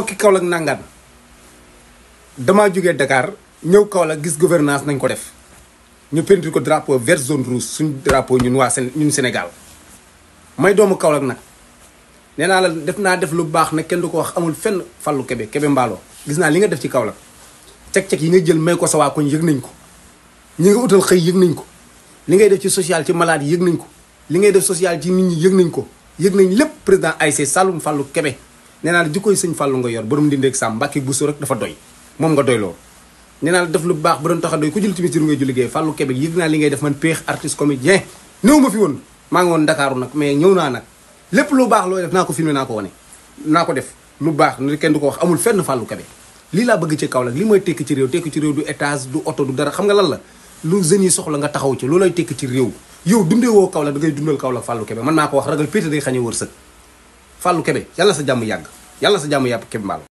mbokki Kaolack nangaan damaa jógee Dakar ñëw Kaolack gis gouvernance nañ ko def ñu ko drapeau vert zone rouge suñ drapeau ñun waa Séné ñun Sénégal may doomu Kaolack nag nee naa la def naa def lu baax nag kenn du ko wax amul fenn fàllu kebe Kébé Mballo gis naa li nga def ci Kaolack ceg-ceg yi nga jël may ko sa yëg nañ ko ñi nga utal xëy yëg nañ ko li ngay def ci social ci malade yi yëg nañ ko li ngay def social ci nit ñi yëg nañ ko yëg nañ lépp président AIC Saloum Fallou Kébé nee naa la jikkoy sëñ Fàllu nga yor borom dindeeg sàmm Mbàkke Buso rek dafa doy moom nga doy loo nee naa lu baax ba doon taxa a doy ku jël timis jur ngay ju liggéey Fàllu Kebe yëg naa li ngay def man péex artiste comédien néew ma fi woon maa ngi woon Ndakaaru nag mais ñëw naa nag lépp lu baax looy def naa ko filmé naa ko wane naa ko def lu baax ne kenn du ko wax amul fenn Fàllu Kebe lii laa bëgg ci Kaolack li mooy tekki ci réew tekki ci réew du étage du oto du dara xam nga lan la lu jeunes nga taxaw ci loolay tekki ci réew yow dundee woo Kaolack da ngay dundal Kaolack Fàllu Kebe man ko wax ragal pété day xañe Fallou Kébé yàlla sa jàmm yàgg yàlla sa jàmm yàpp Kébé Mballo